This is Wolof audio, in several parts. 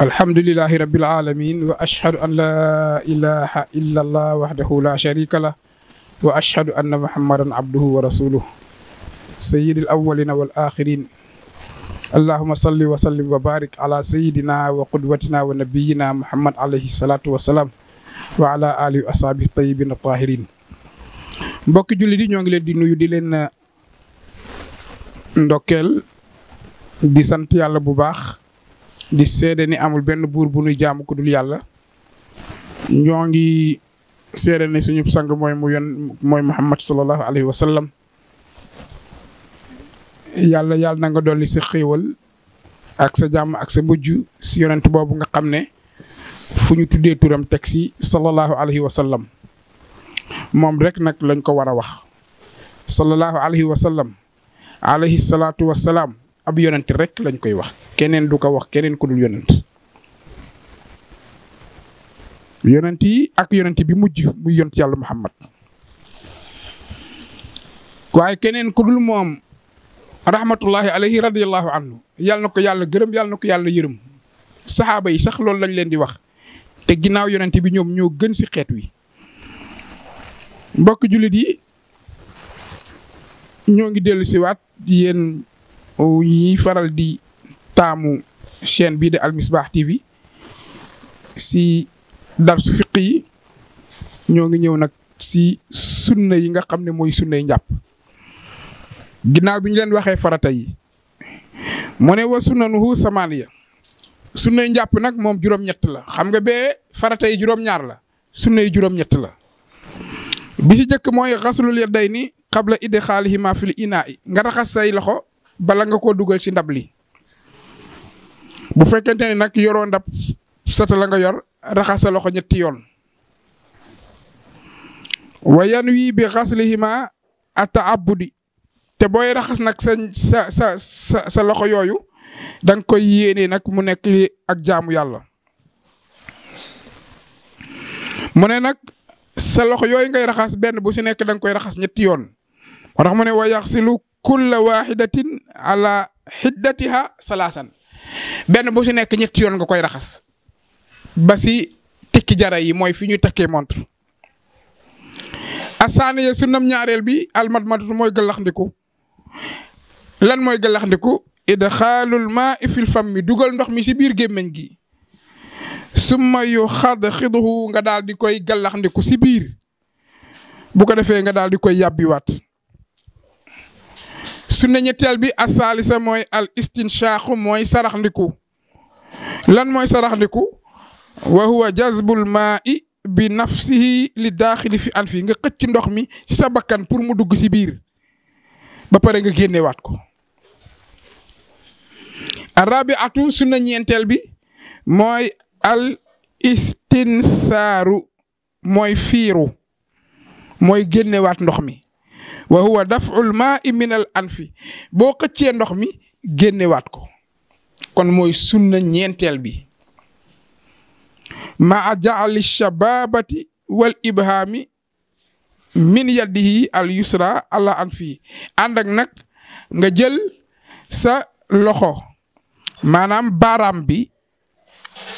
alhamdulilahi rabbil alamin wa ashhadu an la ilaha illa allah wahdahu la sharika lah wa ashhadu anna muhammadan abduhu wa rasuluh sayyidil awwalina wal akhirin allahuma salli wa sallim wa barik ala sayidina wa qudwatina wa nabiyina muhammad alayhi salaatu wa salaam wa ala alihi wa ashabihi tahirin mbokki jullit yi ñoo ngi leen di nuyu di leen eh, ndokkeel di sant yàlla bu baax di seede ni amul benn buur bu nuy jaamu ku dul yàlla ñoo ngi seede ni suñu sang mooy mu yon mooy muhammad sallallahu alayhi wa yàlla yàlla na nga dolli sa xéewal ak sa jàmm ak sa mujj si yonent boobu nga xam ne fu ñu tuddee turam teg si sallallahu alayhi wa sallam moom rek nag lañ ko war a wax. sallallahu alayhi wa sallam alayhi salaatu wa salaam ab yonent rek lañ koy wax keneen du ko wax keneen ku dul yonent. yonent yi ak yonent bi mujj muy yonent yàlla Muhammad waaye keneen ku moom rahmatullahi alayhi radiyallahu anhu yàlla na ko yàlla gërëm yàlla ko yàlla yërëm saxaaba yi sax loolu lañ leen di wax te ginnaaw yonent bi ñoom ñoo gën si xeet wi mbokk jullit yi ñoo ngi dellu siwaat yéen ñiy faral di taamu chaîne bii de Al Misbah TV si dar si fiq yi ñoo ngi ñëw nag si sunna yi nga xam ne mooy sunnay njàpp ginnaaw bi ñu leen waxee farata yi mu ne wa sunanuhu samaaniya sunnay njàpp nag moom juróom-ñett la xam nga bee farata yi juróom-ñaar la sunnay juróom-ñett la bi ci njëkk mooy xaslul yadayni qabla idxaalihima fil inaa'i nga raxas say loxo bala nga koo dugal ci ndab li bu fekkente ne nag yoroo ndab sata nga yor raxas sa loxo ñetti yoon wa yan wii bi xaslihima attaabudi te booy raxas nag sa sa sa sa loxo yooyu dang koy yéene nag mu nekk ak jaamu yàlla. mu ne nag sa loxo yooyu ngay raxas benn bu si nekk da koy raxas ñetti yoon moo mu ne wa yaxsilu kulla waxidatin ala xiddatiha salaasan benn bu si nekk ñetti yoon nga koy raxas ba si tikki jara yi mooy fi ñuy takkee montre asaaniya sunnam ñaareel bi almat matatu mooy gëllax ndiku lan mooy galaxndiku idxaalul maa fil fammi dugal ndox mi si biir gémmiñ gi summa yu xad xiduhu nga daal di koy galaxndiku si biir bu ko defee nga daal di koy yàbbiwaat sunna ñetteel bi asaalisa mooy al istinshaaku mooy saraxndiku lan mooy saraxndiku wa huwa jazbul maa'i bi nafsihi li daaxili fi an fii nga xëcc ndox mi si sa bakkan pour mu dugg si biir ba pare nga génnewaat ko arabi atu sunna ñeenteel bi mooy al istinsaaru mooy fiiru mooy génnewaat ndox mi wa huwa daf'ul maa'i min al anfi boo xëccee ndox mi génnewaat ko kon mooy sunna ñeenteel bi a jaali shababati wal ibhaami min yaddihi al yusra allah an fii ànd ak nag nga jël sa loxo maanaam baaraam bi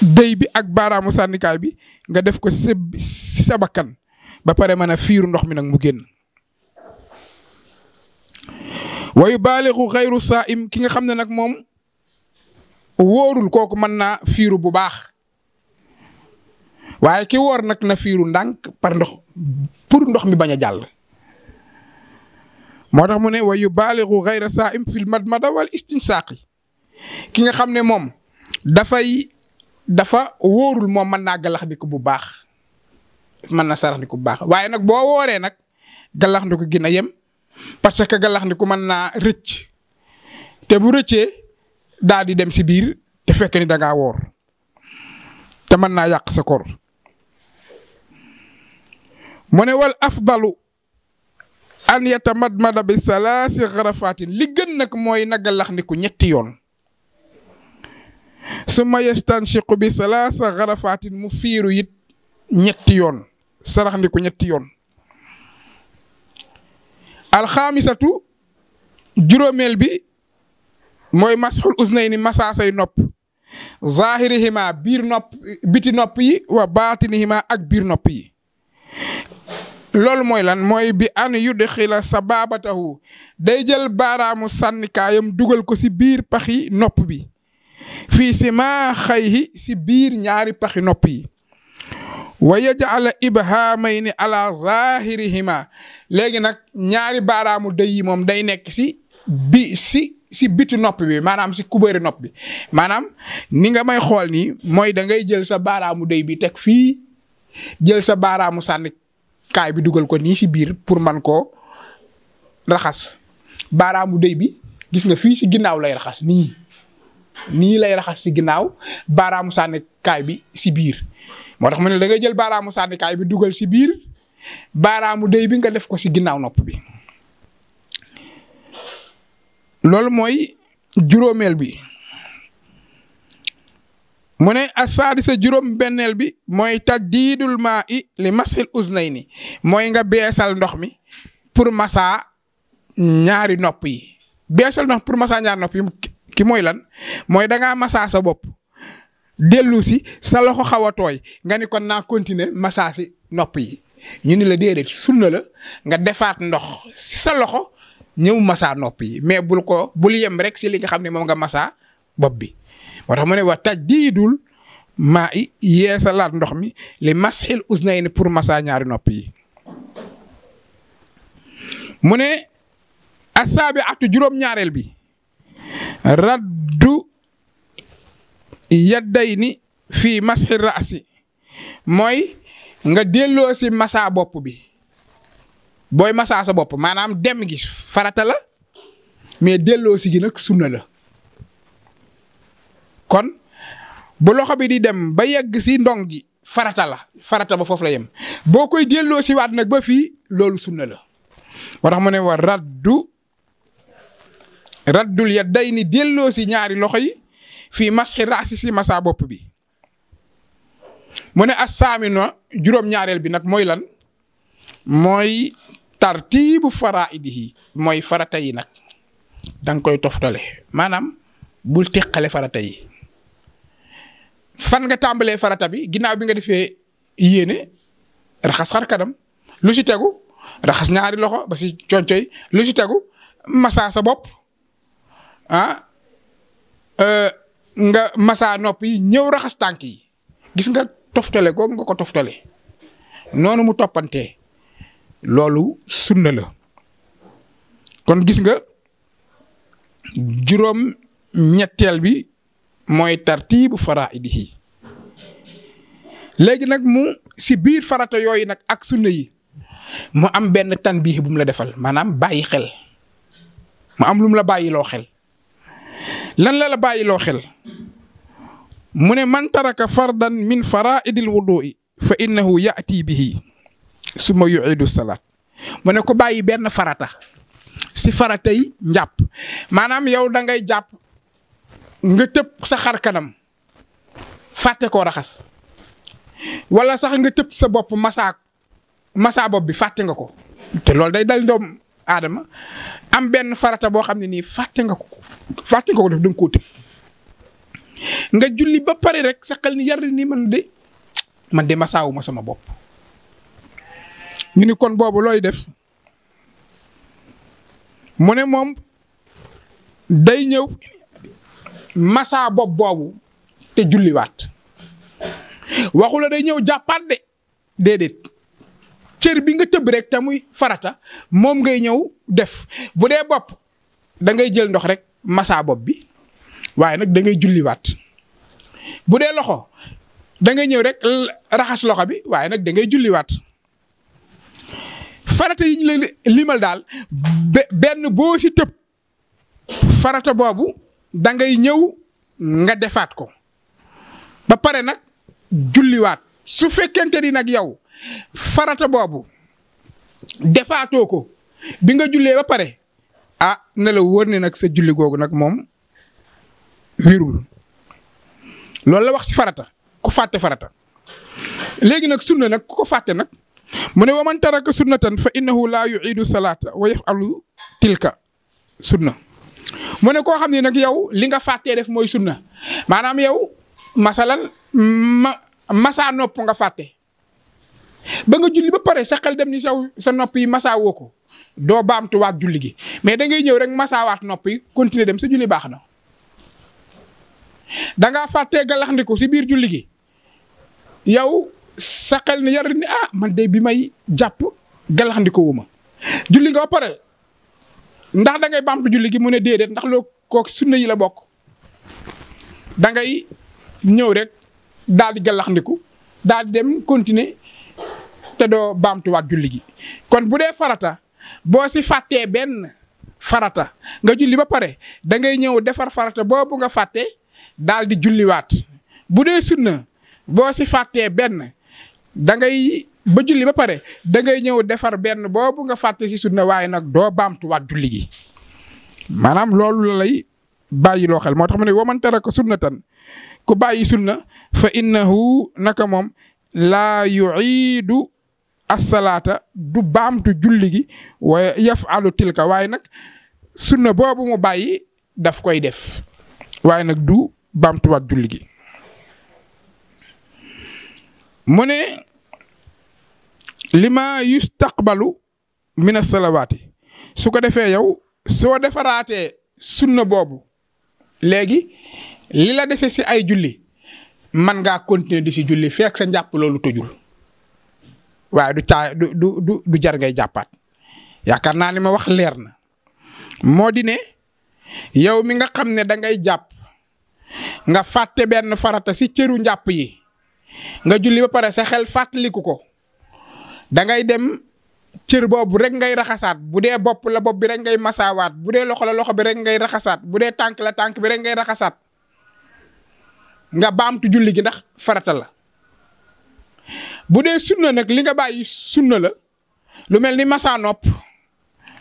dëy bi ak baaraamu sànnikaay bi nga def ko si bakkan ba pare mën a fiiru ndox mi nag mu génn wa yubaaligu xayru saa'im ki nga xam ne nag moom wóorul ko mën naa fiiru bu baax waaye ki woor nag na fiiru ndànk par ndox pour ndox mi bañ a jàll. moo tax mu ne wa yubaaligu gayra saa'im fil madmada wal istinsaaqi ki nga xam ne moom dafay dafa wóorul moom mën naa galax di bu baax mën na sarax di bu baax waaye nag boo wooree nag galax di ko a yem parce que galax di ko mën naa rëcc te bu rëccee daal di dem si biir te fekke ni da ngaa te mën naa yàq sa koor mu ne wal afdalu an yatamadmada bi salaasi xarafaatin li mooy naga ñetti yoon suma yastanshiqu bi salaasa xarafaatin mu fiiru ñetti yoon sarax ndiku ñetti yoon alxaamisatu juróomeel bi mooy masxul usnayni masaasay nopp zahirihima biir nopp biti nopp yi wa baatinihima ak biir nopp yi loolu mooy lan mooy bi an yudxila sababatahu day jël baaraamu sànnikaayam dugal ko si biir paxi nopp bi fii si ma xay xayhi si biir ñaari paxi nopp yi wa yajala ibhaamayni ala zahirihima léegi nag ñaari baaraamu dëy yi moom day nekk si bi si si biti nopp bi maanaam si kubéeri nopp bi maanaam ni nga may xool nii mooy dangay jël sa baaraamu dëy bi teg fii jël sa baaraamu sànni kaay bi dugal ko nii si biir pour man ko raxas baaraamu dey bi gis nga fii si ginnaaw lay raxas nii nii lay raxas si ginnaaw baaraamu sànni kaay bi si biir moo tax mu ne da jël baaraamu sànni kaay bi dugal si biir baaraamu dëy bi nga def ko si ginnaaw nopp bi loolu mooy juróomeel bi mu ne asaadisa juróom benneel bi mooy tajdiidul maa i li masil ni mooy nga beesal ndox mi pour masaa ñaari nopp yi beesal ndox pour masaa ñaari nopp yi ki mooy lan mooy dangaa masaa sa bopp dellu si sa loxo xaw a tooy nga ni kon naa continuer masaa si nopp yi ñu ni la déedéet sunna la nga defaat ndox si sa loxo ñëw masaa nopp yi mais bul ko bul yem rek si li nga xam ni moom nga masaa bopp bi moo tax mu ne wa tajdiidul maa i laat ndox mi li masxil usnayni pour massa ñaari nopp yi mu ne asaabi atu juróom-ñaareel bi raddu yaddayni fii masxil raasi mooy nga delloo si massa bopp bi booy massa sa bopp maanaam dem gi farata la mais delloo si gi nag sunna la kon bu loxo bi di dem ba yegg si ndong gi farata la farata ba foofu la yem boo koy delloo si nag ba fii loolu sunna la moo tax mu ne wa raddu raddul ya day ni delloo si ñaari loxo yi fii masxi raasi si masa bopp bi mu ne assaamino juróom-ñaareel bi nag mooy lan mooy tartiibu faraidihi mooy farata yi nag danga koy toftale maanaam bul teqale farata yi fan nga tàmbalee farata bi ginnaaw bi nga defee yéene raxas xar kanam lu ci tegu raxas ñaari loxo ba ci coñcoy lu ci tegu massa sa bopp ah euh, nga massa noppi ñëw raxas tànk yi gis nga toftale googu nga ko toftale noonu mu toppante loolu sunna la kon gis nga juróom ñetteel bi mooy tartiibu faraidihi léegi nag mu si biir farata yooyu nag ak sunna yi mu am benn tanbiih bu mu la defal maanaam bàyyi xel mu am lum la bàyyi loo xel lan la la bàyyi loo xel mu ne man taraka fardan min faraidil wudui fa innahu yati bihi suma yuidu salaat mu ne ko bàyyi benn farata si farata yi njàpp maanaam yow da nga tëb sa xar kanam fàtte koo raxas walla sax nga tëb sa bopp masaa masaa bopp bi fàtte nga ko te loolu day dal doom aadama am benn farata boo xam ne nii fàtte nga ko fàtte nga ko def da nga koo tëb nga julli ba pare rek sa xel ni yar ni man de man de masaawu ma sama bopp ñu ni kon boobu looy def mu ne moom day ñëw masaa bopp boobu te julliwaat waxu la day ñëw jàppaat de déedéet cër bi nga tëb rek tamuy farata moom ngay ñëw def bu dee bopp dangay jël ndox rek masaa bopp bi waaye nag dangay ngay julliwaat bu dee loxo da ñëw rek raxas loxo bi waaye nag da julliwaat farata yi la limal daal benn boo si tëb farata boobu. dangay ñëw nga defaat ko ba pare nag julliwaat su fekkente ni nag yow farata boobu defaatoo ko bi nga jullee ba pare a ah, ne la ne nag sa julli googu nag moom wirul loolu la wax si farata ku fàtte farata léegi nag sunna nag ku ko fàtte nag mu ne wa man taraka sunnatan fa innahu laa yuidu salaata wa yafalu tilka sunna mu ne koo xam ne nag yow li nga fàttee def mooy sunna maanaam yow masalan ma masaa nopp nga fàtte ba nga julli ba pare sa xel dem ni saw sa nopp yi masaa woo ko doo baamtuwaat julli gi mais da ngay ñëw rek masaa waat noppi continuer dem sa julli baax na. danga ngaa fàttee galaxndiku si biir julli gi yow sa xel ni yar ni ah man de bi may jàpp galaxndiku wu julli nga ba pare ndax da ngay bamtu julli gi mu ne déedéet ndax loo kooku sunna yi la bokk da ngay ñëw rek daal di gàllaxndiku daal di dem continuer te doo baamtuwaat julli gi. kon bu dee farata boo si fàttee benn farata nga julli ba pare da ngay ñëw defar farata boobu nga fàtte dal di julliwaat bu dee sunna boo si fàttee benn da ba julli ba pare da ngay ñëw defar benn boobu nga fàtte si sunna waaye nag doo baamtuwaat julli gi maanaam loolu la lay bàyyi loo xel moo tax mu ne woo man taraka sunnatan ko bàyyi sunna fa innahu naka moom laa yuiidu assalaata du baamtu julli gi wa yafalu tilka waaye nag sunna boobu mu bàyyi daf koy def waaye nag du baamtuwaat julli gi mu ne lima yustaqbalu mina salawaati su ko defee yow soo defaraatee sunna boobu léegi li la dese si ay julli man ngaa continuer di si julli feek sa njàpp loolu tëjul waaye du caa du jar ngay jàppaat yaakaar naa li wax leer na moo di ne yow mi nga xam ne dangay ngay jàpp nga fàtte benn farata si cëru njàpp yi nga julli ba pare sa xel fàttaliku ko da ngay dem cër boobu rek ngay raxasaat bu dee bopp la bopp bi rek ngay masaa waat bu dee loxo la loxo bi rek ngay raxasaat bu dee tànk la tànk bi rek ngay raxasaat nga baamtu julli gi ndax faratal la bu dee sunna nag li nga bàyyi sunna la lu mel ni masaa nopp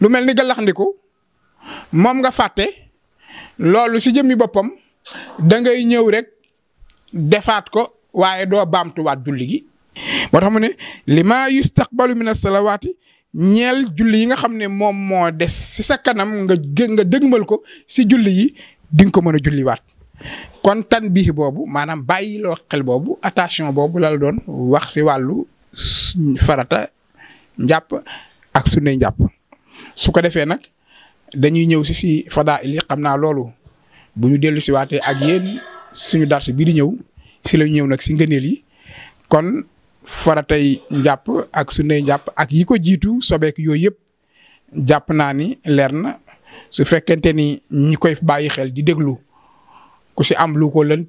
lu mel ni galaxndiku moom nga fàtte loolu si jëmmi boppam da ngay ñëw rek defaat ko waaye doo baamtuwaat julli gi moo tax mu ne li maa yustaqbalu min as-salawaati ñeel julli yi nga xam ne moom moo des si sa kanam nga nga dëgmal ko si julli yi di nga ko mën a julliwaat kon tan bii boobu maanaam bàyyi loo xel boobu attention boobu la doon wax si wàllu farata njàpp ak sunne njàpp su ko defee nag dañuy ñëw si si fadaa il xam naa loolu bu ñu dellu si waatee ak yéen suñu dars bi di ñëw si la ñëw nag si ngëneel yi kon faratay njàpp ak sunnay njàpp ak yi ko jiitu sobeek yooyu yëpp jàpp naa ni leer na su fekkente ni ñi koy bàyyi xel di déglu ku si am ko lënt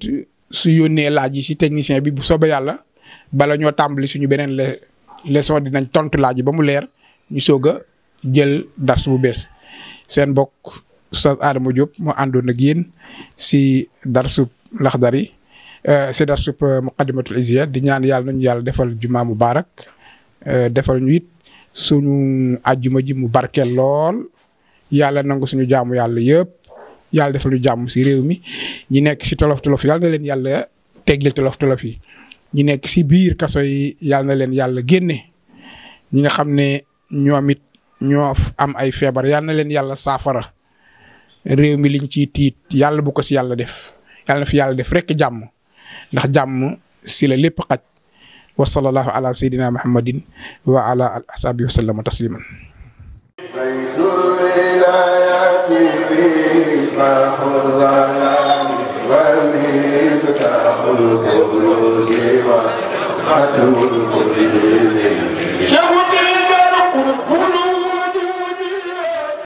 su yónnee laaj yi si technicien bi bu soobee yàlla bala ñoo tàmbali suñu beneen le leçon dinañ tontu laaj ba mu leer ñu soog a jël dars bu bees seen mbokk Oustaz Adama Diop moo àndoon ak yéen si darsu Laxdari Euh, Cedar Sup euh, Muqaddimatul Izya di ñaan yàlla nañu yàlla defal juma mubarak euh, defal ñu it suñu ajjuma ji mu barkeel lool yàlla nangu suñu jaamu yàlla yëpp yàlla defal ñu jàmm si réew mi ñu nekk si tolof tolof yàlla na leen yàlla teggil tolof tolof yi. ñi nekk si biir kaso yi yàlla na leen yàlla génne ñi nga xam ne ñoom it ñoo am ay feebar yàlla na leen yàlla saafara réew mi liñ ci tiit yàlla bu ko si yàlla def yàlla na fi yàlla def rekk jàmm ndax jàmm si la lépp xaj wa sallallahu ala sayyidina muhammadin wa ala al ashabi wa sallama tasliman خاتم الكل